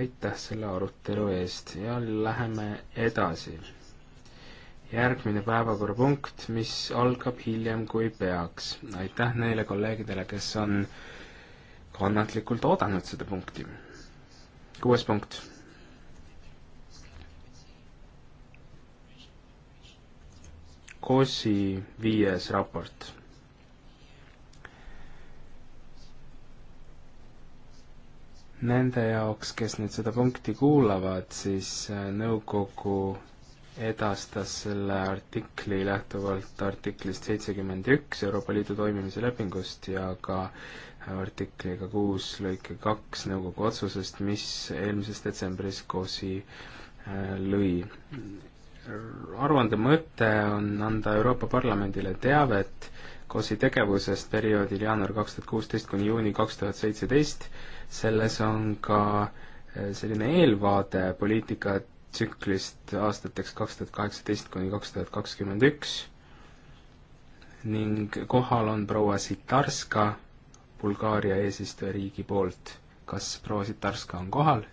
aitäh selle arutelu eest ja läheme edasi. järgmine päevakorrapunkt, mis algab hiljem kui peaks. aitäh neile kolleegidele, kes on kannatlikult oodanud seda punkti. kuues punkt. COSI viies raport nende jaoks, kes nüüd seda punkti kuulavad, siis äh, nõukogu edastas selle artikli lähtuvalt artiklist seitsekümmend üks Euroopa Liidu toimimise lepingust ja ka artikliga kuus lõike kaks nõukogu otsusest, mis eelmises detsembris COSI äh, lõi. aruande mõte on anda Euroopa Parlamendile teavet KOS-i tegevusest perioodil jaanuar kaks tuhat kuusteist kuni juuni kaks tuhat seitseteist, selles on ka eh, selline eelvaade poliitikatsüklist aastateks kaks tuhat kaheksateist kuni kaks tuhat kakskümmend üks ning kohal on proua Sitarska Bulgaaria eesistujariigi poolt. kas proua Sitarska on kohal?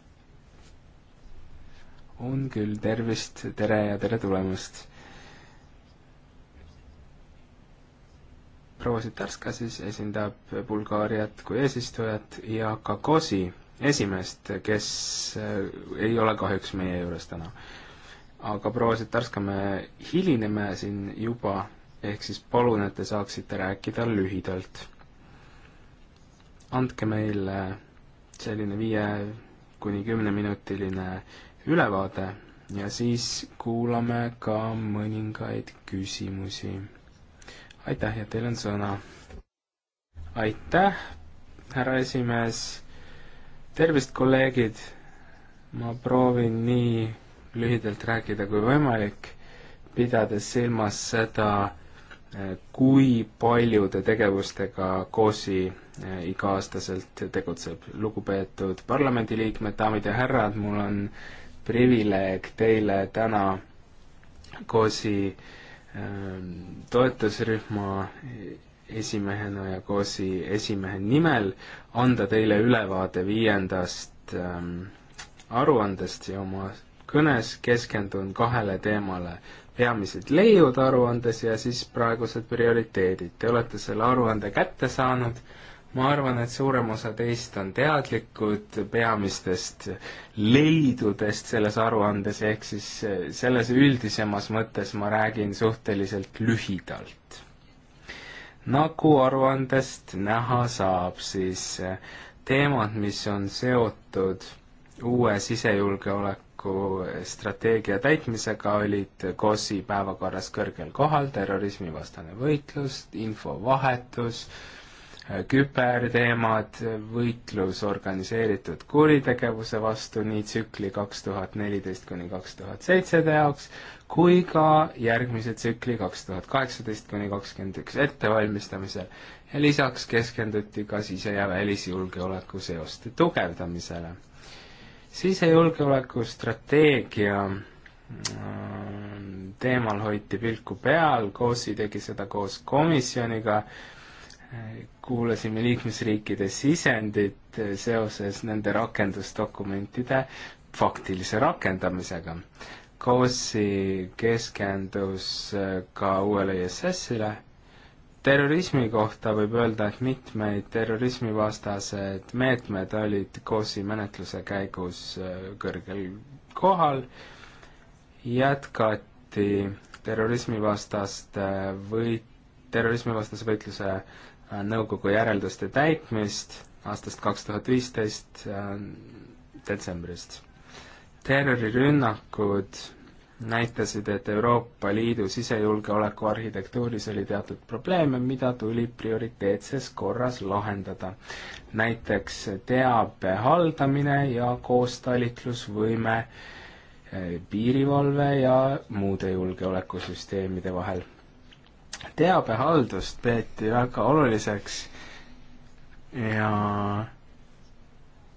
on küll, tervist, tere ja tere tulemast! proua Sitarska siis esindab Bulgaariat kui eesistujat ja ka COSI esimeest, kes äh, ei ole kahjuks meie juures täna. aga proua Sitarska, me hilineme siin juba, ehk siis palun, et te saaksite rääkida lühidalt. andke meile selline viie kuni kümneminutiline ülevaade ja siis kuulame ka mõningaid küsimusi aitäh ja teil on sõna. aitäh, härra esimees. tervist, kolleegid. ma proovin nii lühidalt rääkida kui võimalik, pidades silmas seda, eh, kui paljude tegevustega KOS-i eh, iga-aastaselt tegutseb. lugupeetud parlamendiliikmed, daamid ja härrad, mul on privileeg teile täna KOS-i äh, Ähm, toetusrühma esimehena ja KOS-i esimehe nimel anda teile ülevaade viiendast ähm, aruandest ja oma kõnes keskendun kahele teemale, peamised leiud aruandes ja siis praegused prioriteedid. Te olete selle aruande kätte saanud, ma arvan, et suurem osa teist on teadlikud peamistest leidudest selles aruandes, ehk siis eh, selles üldisemas mõttes ma räägin suhteliselt lühidalt. nagu aruandest näha saab, siis eh, teemad, mis on seotud uue sisejulgeoleku julgeoleku eh, strateegia täitmisega olid KOS-i päevakorras kõrgel kohal terrorismivastane võitlus, infovahetus, küberteemad, võitlus organiseeritud kuritegevuse vastu nii tsükli kaks tuhat neliteist kuni kaks tuhat seitsede jaoks kui ka järgmise tsükli kaks tuhat kaheksateist kuni kakskümmend üks ettevalmistamisel ja lisaks keskenduti ka sise- ja välisjulgeoleku seoste tugevdamisele. sisejulgeoleku strateegia mm, teemal hoiti pilku peal, COSI tegi seda koos komisjoniga kuulasime liikmesriikide sisendit seoses nende rakendusdokumentide faktilise rakendamisega. COSI keskendus äh, ka uuele ISS-ile. terrorismi kohta võib öelda, et mitmeid terrorismivastased meetmed olid COSI menetluse käigus äh, kõrgel kohal, jätkati terrorismivastaste äh, või terrorismivastase võitluse nõukogu järelduste täitmist aastast kaks tuhat viisteist äh, detsembrist. terrorirünnakud näitasid, et Euroopa Liidu sisejulgeoleku arhitektuuris oli teatud probleeme, mida tuli prioriteetses korras lahendada. näiteks teabe haldamine ja koostalitlusvõime äh, piirivalve ja muude julgeolekusüsteemide vahel teabehaldust peeti väga oluliseks ja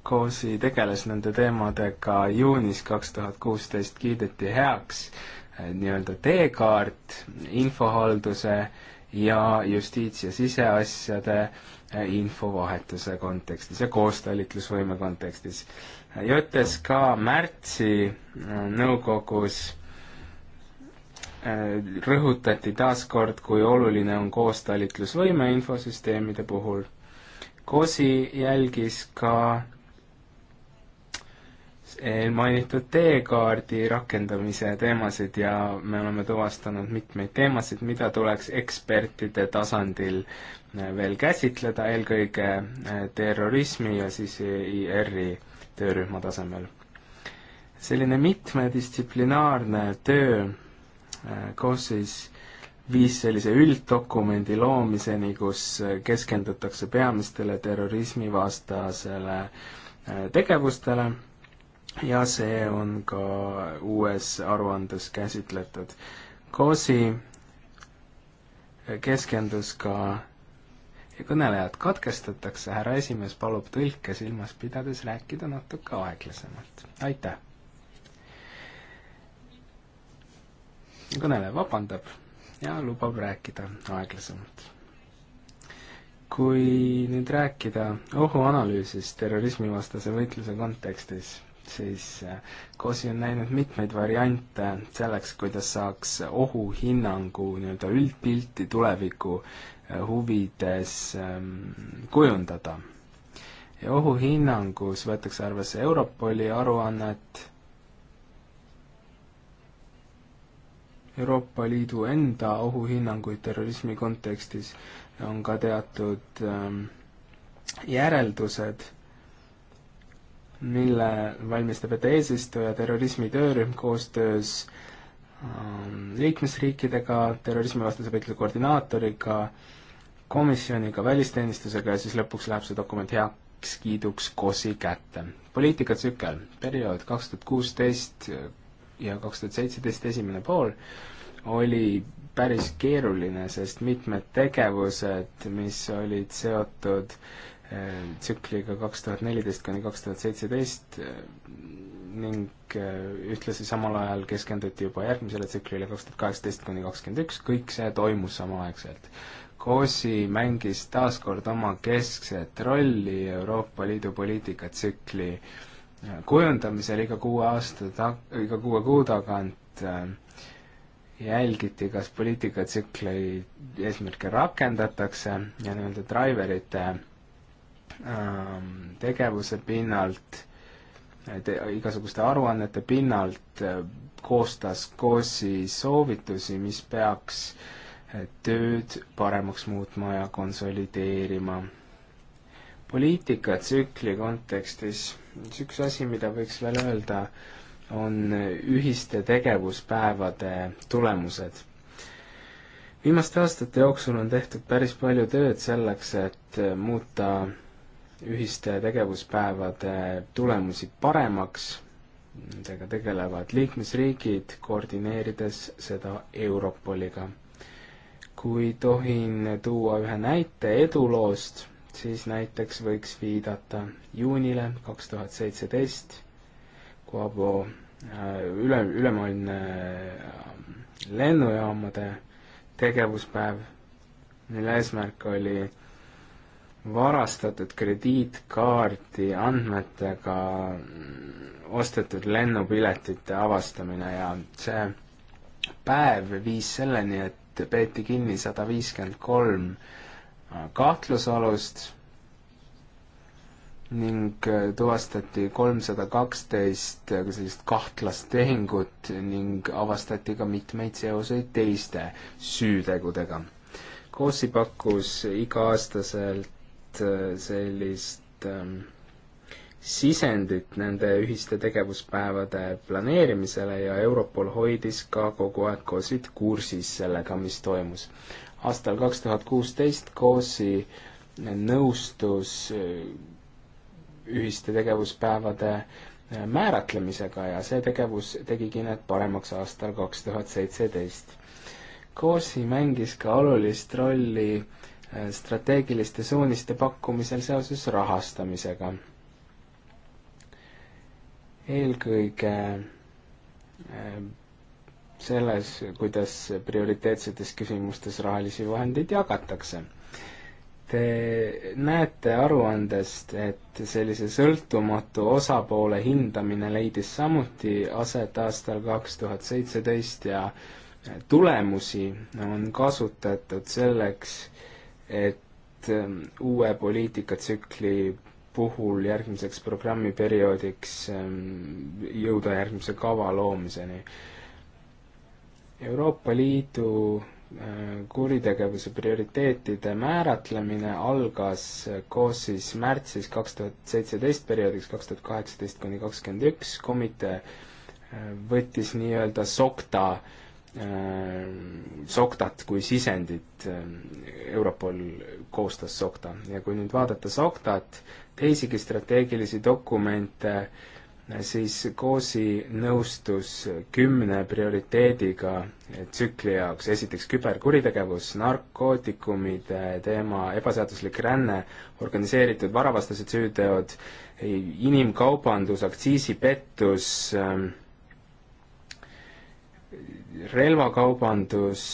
COSI tegeles nende teemadega juunis kaks tuhat kuusteist, kiideti heaks eh, nii-öelda teekaart infohalduse ja justiits- ja siseasjade eh, infovahetuse kontekstis ja koostalitlusvõime kontekstis. JTSK märtsi eh, nõukogus Äh, rõhutati taaskord, kui oluline on koostalitlusvõime infosüsteemide puhul. COSI jälgis ka äh, mainitud teekaardi rakendamise teemasid ja me oleme tuvastanud mitmeid teemasid, mida tuleks ekspertide tasandil äh, veel käsitleda, eelkõige terrorismi ja siis e IR-i töörühma tasemel. selline mitmedistsiplinaarne töö Äh, KOS-is viis sellise ülddokumendi loomiseni, kus äh, keskendutakse peamistele terrorismivastasele äh, tegevustele ja see on ka uues aruandes käsitletud. KOS-i keskendus ka ja kõnelejad katkestatakse, härra esimees palub tõlke silmas pidades rääkida natuke aeglasemalt. aitäh! kõneleja vabandab ja lubab rääkida aeglasemalt. kui nüüd rääkida ohuanalüüsist terrorismivastase võitluse kontekstis, siis COSI äh, on näinud mitmeid variante selleks, kuidas saaks ohuhinnangu nii-öelda üldpilti tuleviku äh, huvides ähm, kujundada ja ohuhinnangus võetakse arvesse Europoli aruannet, Euroopa Liidu enda ohuhinnanguid terrorismi kontekstis, on ka teatud ähm, järeldused, mille valmistab ette eesistuja terrorismi töörühm koostöös ähm, liikmesriikidega, terrorismivastase võitluse koordinaatoriga, komisjoniga, välisteenistusega ja siis lõpuks läheb see dokument heakskiiduks KOS-i kätte. poliitikatsükkel, periood kaks tuhat kuusteist ja kaks tuhat seitseteist esimene pool oli päris keeruline, sest mitmed tegevused, mis olid seotud eh, tsükliga kaks tuhat neliteist kuni kaks tuhat seitseteist eh, ning eh, ühtlasi samal ajal keskenduti juba järgmisele tsüklile kaks tuhat kaheksateist kuni kakskümmend üks, kõik see toimus samaaegselt. COSI mängis taas kord oma keskset rolli Euroopa Liidu poliitikatsükli äh, kujundamisel iga kuue aasta tag-, iga kuue kuu tagant äh, jälgiti, kas poliitikatsükli eesmärke rakendatakse ja nii-öelda driverite ähm, tegevuse pinnalt, te, igasuguste aruannete pinnalt äh, koostas KOS-i soovitusi, mis peaks äh, tööd paremaks muutma ja konsolideerima poliitikatsükli kontekstis, siis üks asi, mida võiks veel öelda, on ühiste tegevuspäevade tulemused. viimaste aastate jooksul on tehtud päris palju tööd selleks, et muuta ühiste tegevuspäevade tulemusi paremaks, nendega tegelevad liikmesriigid, koordineerides seda Europoliga. kui tohin tuua ühe näite eduloost siis näiteks võiks viidata juunile kaks tuhat seitseteist, kui Abo äh, üle, ülemaailmne äh, lennujaamade tegevuspäev, mille eesmärk oli varastatud krediitkaardi andmetega mm, ostetud lennupiletite avastamine ja see päev viis selleni, et peeti kinni sada viiskümmend kolm kahtlusalust ning tuvastati kolmsada kaksteist sellist kahtlast tehingut ning avastati ka mitmeid seoseid teiste süütegudega. Koosi pakkus iga-aastaselt äh, sellist ähm, sisendit nende ühiste tegevuspäevade planeerimisele ja Europol hoidis ka kogu aeg KOS-id kursis sellega, mis toimus aastal kaks tuhat kuusteist COSI nõustus äh, ühiste tegevuspäevade äh, määratlemisega ja see tegevus tegigi need paremaks aastal kaks tuhat seitseteist. COSI mängis ka olulist rolli äh, strateegiliste suuniste pakkumisel seoses rahastamisega. eelkõige selles, kuidas prioriteetsetes küsimustes rahalisi vahendeid jagatakse. Te näete aruandest, et sellise sõltumatu osapoole hindamine leidis samuti aset aastal kaks tuhat seitseteist ja tulemusi on kasutatud selleks, et ähm, uue poliitikatsükli puhul järgmiseks programmiperioodiks ähm, jõuda järgmise kava loomiseni. Euroopa Liidu äh, kuritegevuse prioriteetide määratlemine algas äh, koos siis märtsis kaks tuhat seitseteist perioodiks kaks tuhat kaheksateist kuni kakskümmend üks, komitee äh, võttis nii-öelda SOCTA, SOCTA-t kui sisendit, Europol koostas SOCTA ja kui nüüd vaadata SOCTA-t, teisigi strateegilisi dokumente äh, siis Koosi nõustus kümne prioriteediga tsükli jaoks, esiteks küberkuritegevus, narkootikumide teema, ebaseaduslik ränne, organiseeritud varavastased süüteod, inimkaubandus, aktsiisipettus, ähm, relvakaubandus,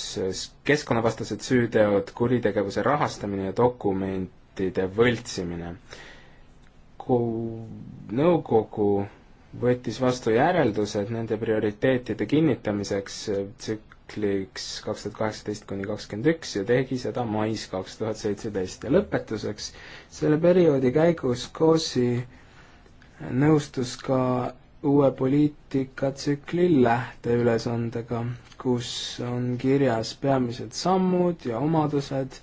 keskkonnavastased süüteod, kuritegevuse rahastamine ja dokumentide võltsimine. nõukogu võttis vastu järeldused nende prioriteetide kinnitamiseks tsükliks kaks tuhat kaheksateist kuni kakskümmend üks ja tegi seda mais kaks tuhat seitseteist ja lõpetuseks selle perioodi käigus COSI nõustus ka uue poliitikatsükli lähteülesandega, kus on kirjas peamised sammud ja omadused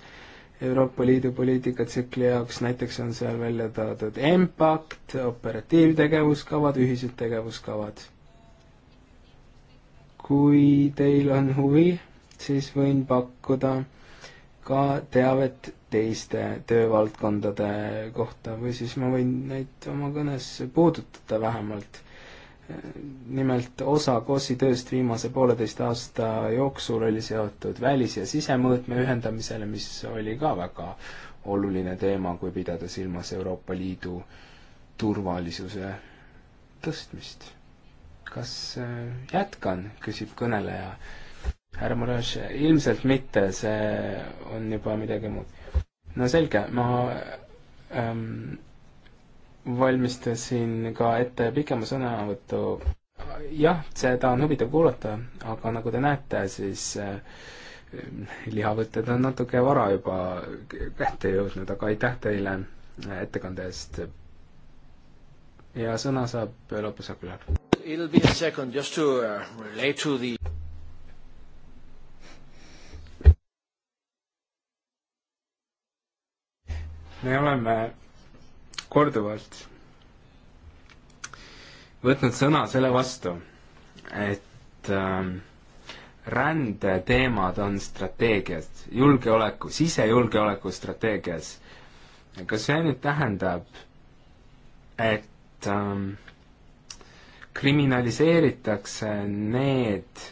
Euroopa Liidu poliitikatsükli jaoks, näiteks on seal välja toodud EMPACT, operatiivtegevuskavad, ühised tegevuskavad. kui teil on huvi, siis võin pakkuda ka teavet teiste töövaldkondade kohta või siis ma võin neid oma kõnes puudutada vähemalt nimelt osa KOS-i tööst viimase pooleteist aasta jooksul oli seotud välis- ja sisemõõtme ühendamisele, mis oli ka väga oluline teema, kui pidada silmas Euroopa Liidu turvalisuse tõstmist. kas äh, jätkan, küsib kõneleja. härra Moroš, ilmselt mitte, see on juba midagi muud. no selge, ma ähm, valmistasin ka ette pikema sõnavõtu. jah, seda on huvitav kuulata, aga nagu te näete, siis äh, lihavõtted on natuke vara juba kätte jõudnud, aga aitäh teile äh, ettekande eest. ja sõna saab Lopez Aguilar. It'll be a second just to uh, relate to the me oleme korduvalt võtnud sõna selle vastu, et äh, rändeteemad on strateegias, julgeoleku, sisejulgeoleku strateegias. kas see nüüd tähendab, et äh, kriminaliseeritakse need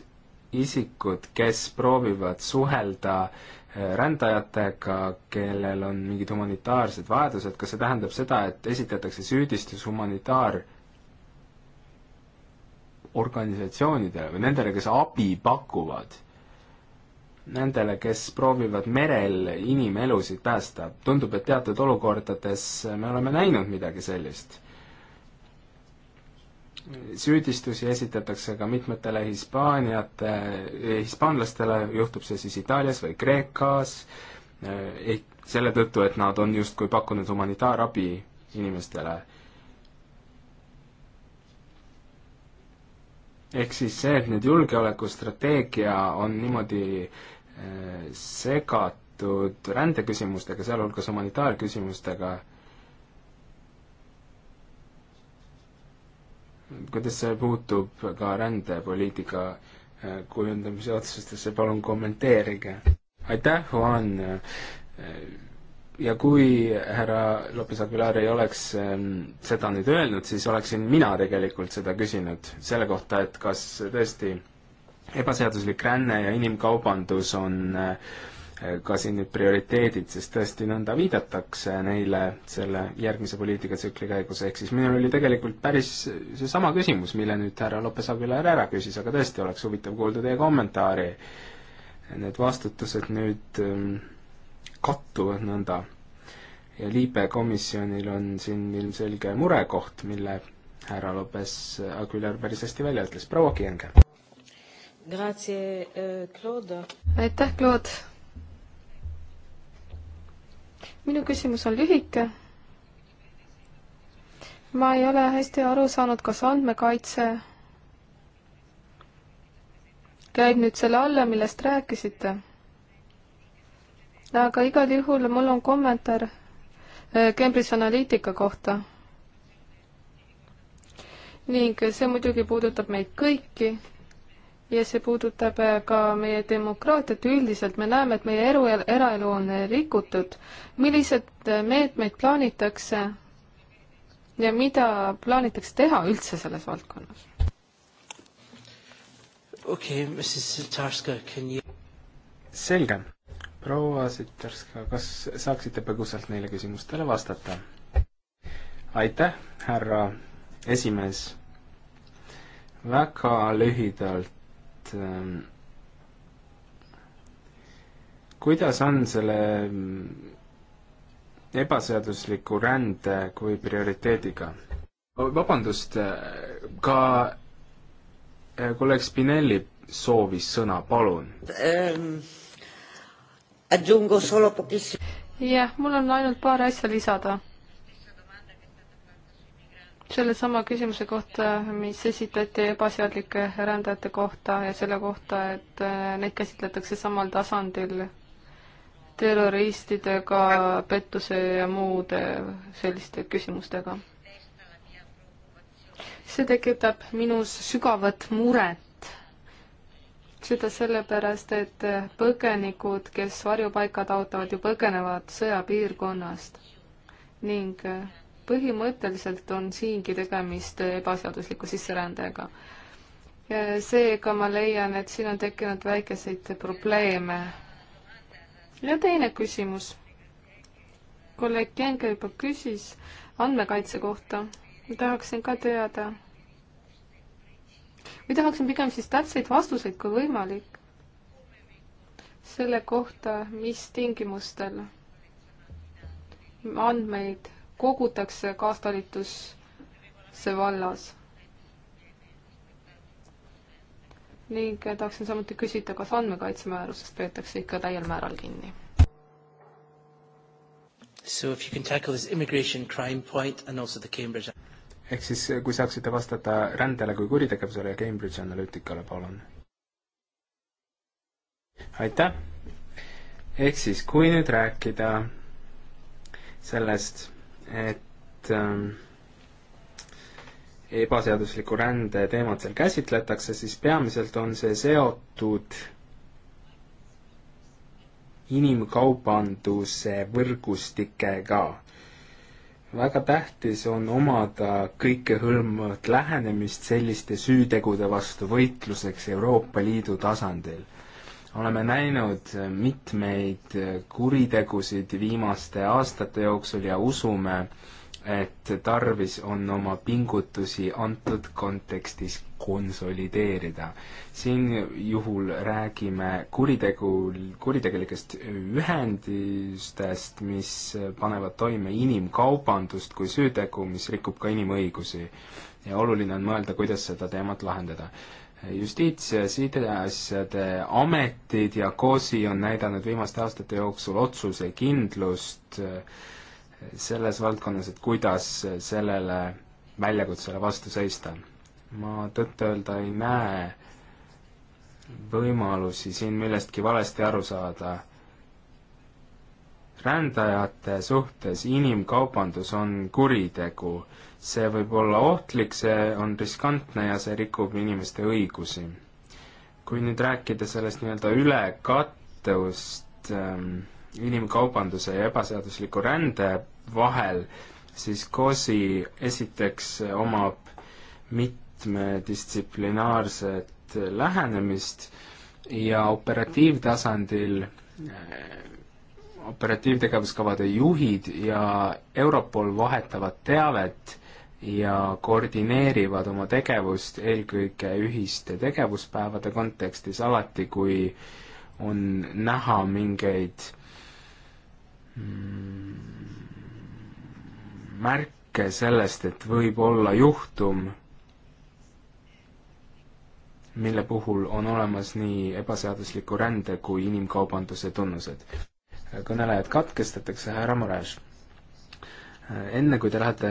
isikud, kes proovivad suhelda äh, rändajatega, kellel on mingid humanitaarsed vajadused, kas see tähendab seda, et esitatakse süüdistus humanitaar organisatsioonidele või nendele, kes abi pakuvad? Nendele, kes proovivad merel inimelusid päästa, tundub, et teatud olukordades me oleme näinud midagi sellist süüdistusi esitatakse ka mitmetele Hispaaniate, hispaanlastele, juhtub see siis Itaalias või Kreekas, eh, ei, selle tõttu, et nad on justkui pakkunud humanitaarabi inimestele. ehk siis see, et nüüd julgeolekustrateegia on niimoodi eh, segatud rändeküsimustega, sealhulgas humanitaarküsimustega kuidas see puutub ka rändepoliitika äh, kujundamise otsustesse, palun kommenteerige. aitäh, Juan. Äh, ja kui härra Lopez Aguilar ei oleks ähm, seda nüüd öelnud, siis oleksin mina tegelikult seda küsinud selle kohta, et kas tõesti ebaseaduslik ränne ja inimkaubandus on äh, ka siin nüüd prioriteedid, sest tõesti nõnda viidatakse neile selle järgmise poliitikatsükli käigus, ehk siis minul oli tegelikult päris seesama küsimus, mille nüüd härra Lopes Aguilar ära küsis, aga tõesti oleks huvitav kuulda teie kommentaari. Need vastutused nüüd ähm, kattuvad nõnda ja liibekomisjonil on siin ilmselge murekoht, mille härra Lopes Aguilar päris hästi välja ütles, proua Kienge. Äh, aitäh, Claude! minu küsimus on lühike. ma ei ole hästi aru saanud, kas andmekaitse käib nüüd selle alla, millest rääkisite. aga igal juhul mul on kommentaar äh, Cambridge Analytica kohta. ning see muidugi puudutab meid kõiki ja see puudutab eh, ka meie demokraatiat üldiselt. me näeme, et meie elu, eraelu on eh, rikutud. millised eh, meetmeid plaanitakse ja mida plaanitakse teha üldse selles valdkonnas? okei okay,, Mrs Sitarska, can you selge. proua Sitarska, kas saaksite põgusalt neile küsimustele vastata? aitäh, härra esimees. väga lühidalt Ähm, kuidas on selle mm, ebaseadusliku rände kui prioriteediga? vabandust, äh, ka äh, kolleeg Spinelli soovis sõna, palun ähm,. jah, mul on ainult paar asja lisada sellesama küsimuse kohta, mis esitati ebaseaduslike rändajate kohta ja selle kohta, et eh, neid käsitletakse samal tasandil terroristidega, pettuse ja muude selliste küsimustega. see tekitab minus sügavat muret. seda sellepärast, et põgenikud, kes varjupaika taotlevad ju põgenevad sõjapiirkonnast ning eh, põhimõtteliselt on siingi tegemist ebaseadusliku sisserändajaga. seega ma leian, et siin on tekkinud väikeseid probleeme. ja teine küsimus. kolleeg Jänge juba küsis andmekaitse kohta. ma tahaksin ka teada. või tahaksin pigem siis täpseid vastuseid, kui võimalik. selle kohta, mis tingimustel andmeid kogutakse kaastalitusse vallas? ning tahaksin samuti küsida, kas andmekaitsemäärusest peetakse ikka täiel määral kinni? So if you can tackle this immigration crime point and also the Cambridge ehk siis eh, kui saaksite vastata rändele kui kuritegevusele ja Cambridge Analyticale, palun. aitäh! ehk siis, kui nüüd rääkida sellest, et ähm, ebaseadusliku rände teemat seal käsitletakse, siis peamiselt on see seotud inimkaubanduse võrgustikega. väga tähtis on omada kõikehõlmavat lähenemist selliste süütegude vastu võitluseks Euroopa Liidu tasandil oleme näinud äh, mitmeid äh, kuritegusid viimaste aastate jooksul ja usume, et tarvis on oma pingutusi antud kontekstis konsolideerida. siin juhul räägime kuritegu, kuritegelikest ühendustest, mis panevad toime inimkaubandust kui süütegu, mis rikub ka inimõigusi. ja oluline on mõelda, kuidas seda teemat lahendada justiits- ja sideasjade ametid ja COSI on näidanud viimaste aastate jooksul otsusekindlust eh, selles valdkonnas, et kuidas sellele väljakutsele vastu seista. ma tõtt-öelda ei näe võimalusi siin millestki valesti aru saada rändajate suhtes inimkaubandus on kuritegu. see võib olla ohtlik, see on riskantne ja see rikub inimeste õigusi. kui nüüd rääkida sellest nii-öelda ülekattust ähm, inimkaubanduse ja ebaseadusliku rände vahel, siis COSI esiteks omab mitmedistsiplinaarset lähenemist ja operatiivtasandil äh, operatiivtegevuskavade juhid ja Europol vahetavad teavet ja koordineerivad oma tegevust eelkõige ühiste tegevuspäevade kontekstis, alati kui on näha mingeid mm, märke sellest, et võib olla juhtum, mille puhul on olemas nii ebaseadusliku rände kui inimkaubanduse tunnused kõnelejad katkestatakse, härra Mures. enne kui te lähete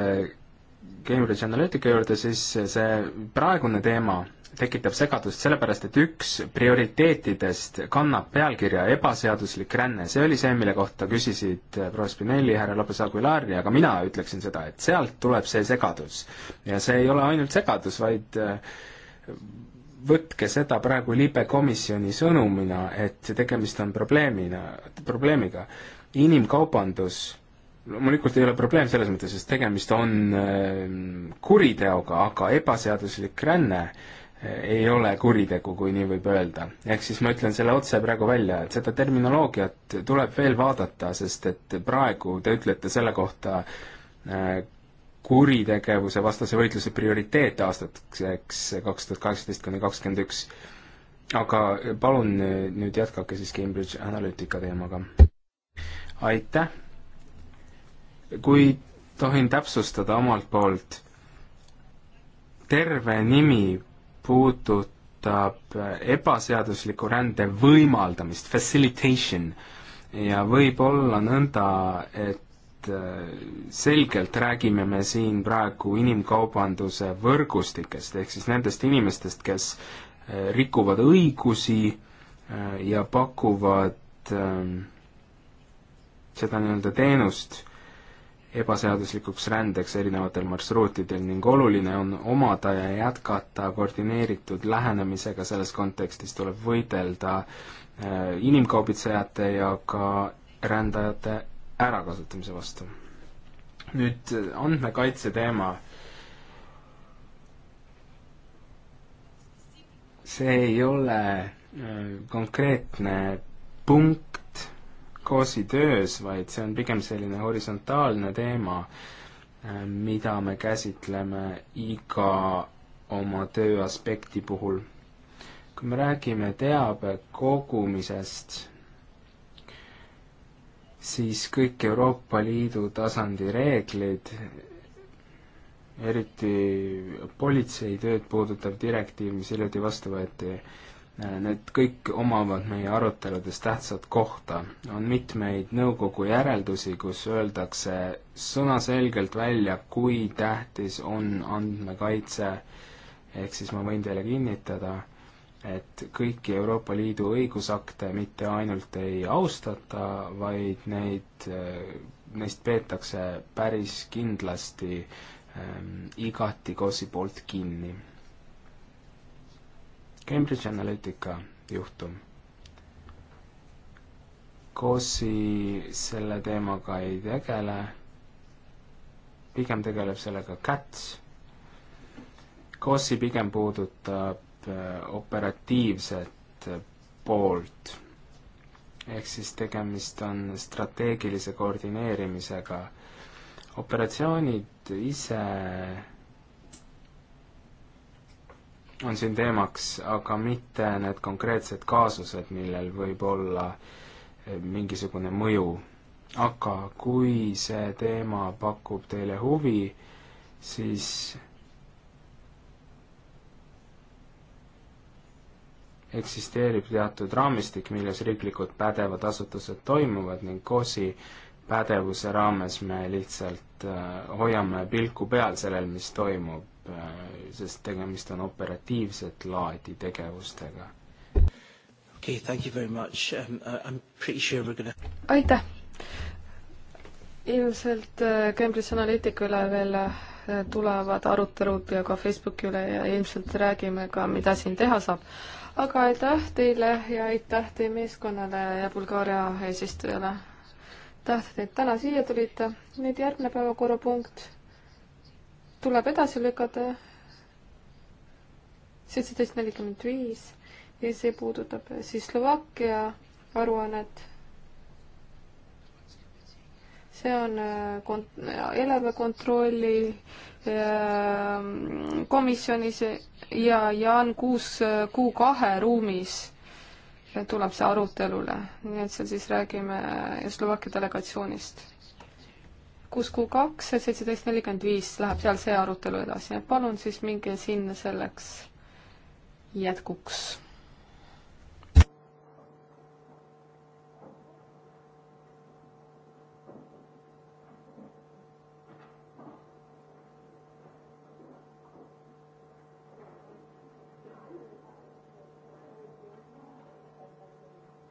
Cambridge Analytica juurde, siis see praegune teema tekitab segadust, sellepärast et üks prioriteetidest kannab pealkirja ebaseaduslik ränne, see oli see, mille kohta küsisid proua Spinelli, härra Lopez Aguilar ja ka mina ütleksin seda, et sealt tuleb see segadus. ja see ei ole ainult segadus, vaid võtke seda praegu libe komisjoni sõnumina, et tegemist on probleemina, probleemiga. inimkaubandus loomulikult ei ole probleem selles mõttes, sest tegemist on ehm, kuriteoga, aga ebaseaduslik ränne eh, ei ole kuritegu, kui nii võib öelda. ehk siis ma ütlen selle otse praegu välja, et seda terminoloogiat tuleb veel vaadata, sest et praegu te ütlete selle kohta eh, kuritegevuse vastase võitluse prioriteet aastateks kaks tuhat kaheksateist kuni kakskümmend üks. aga palun nüüd jätkake siis Cambridge Analytica teemaga. aitäh! kui tohin täpsustada omalt poolt, terve nimi puudutab ebaseadusliku rände võimaldamist, facilitation, ja võib olla nõnda, et Äh, selgelt räägime me siin praegu inimkaubanduse võrgustikest, ehk siis nendest inimestest, kes äh, rikuvad õigusi äh, ja pakuvad ähm, seda nii-öelda teenust ebaseaduslikuks rändeks erinevatel marsruutidel ning oluline on omada ja jätkata koordineeritud lähenemisega, selles kontekstis tuleb võidelda inimkaubitsejate ja ka rändajate ärakasutamise vastu. nüüd andmekaitse teema. see ei ole äh, konkreetne punkt KOS-i töös, vaid see on pigem selline horisontaalne teema, äh, mida me käsitleme iga oma tööaspekti puhul. kui me räägime teabe kogumisest siis kõik Euroopa Liidu tasandi reeglid, eriti politseitööd puudutav direktiiv, mis hiljuti vastu võeti, need kõik omavad meie aruteludes tähtsat kohta. on mitmeid nõukogu järeldusi, kus öeldakse sõnaselgelt välja, kui tähtis on andmekaitse, ehk siis ma võin teile kinnitada, et kõiki Euroopa Liidu õigusakte mitte ainult ei austata, vaid neid, äh, neist peetakse päris kindlasti ähm, igati KOS-i poolt kinni. Cambridge Analytica juhtum. KOS-i selle teemaga ei tegele, pigem tegeleb sellega CATS. KOS-i pigem puudutab Äh, operatiivset poolt. ehk siis tegemist on strateegilise koordineerimisega. operatsioonid ise on siin teemaks, aga mitte need konkreetsed kaasused, millel võib olla äh, mingisugune mõju. aga kui see teema pakub teile huvi, siis eksisteerib teatud raamistik, milles riiklikud pädevad asutused toimuvad ning KOS-i pädevuse raames me lihtsalt äh, hoiame pilku peal sellel, mis toimub, äh, sest tegemist on operatiivset laadi tegevustega. Okay, thank you very much. Um, uh, I'm pretty sure we're gonna... aitäh! ilmselt äh, Cambridge Analytica üle veel tulevad arutelud ja ka Facebooki üle ja ilmselt räägime ka, mida siin teha saab. aga aitäh teile ja aitäh teie meeskonnale ja Bulgaaria eesistujale. aitäh, et täna siia tulite. nüüd järgmine päevakorrapunkt tuleb edasi lükata. seitseteist nelikümmend viis ja see puudutab siis Slovakkia aruannet see on äh, kont-, eelarve kontrolli äh, komisjonis ja Jaan kuus äh, kuu kahe ruumis tuleb see arutelule, nii et seal siis räägime Slovakkia delegatsioonist. kuus kuu kaks ja seitseteist nelikümmend viis läheb seal see arutelu edasi, nii et palun siis minge sinna selleks jätkuks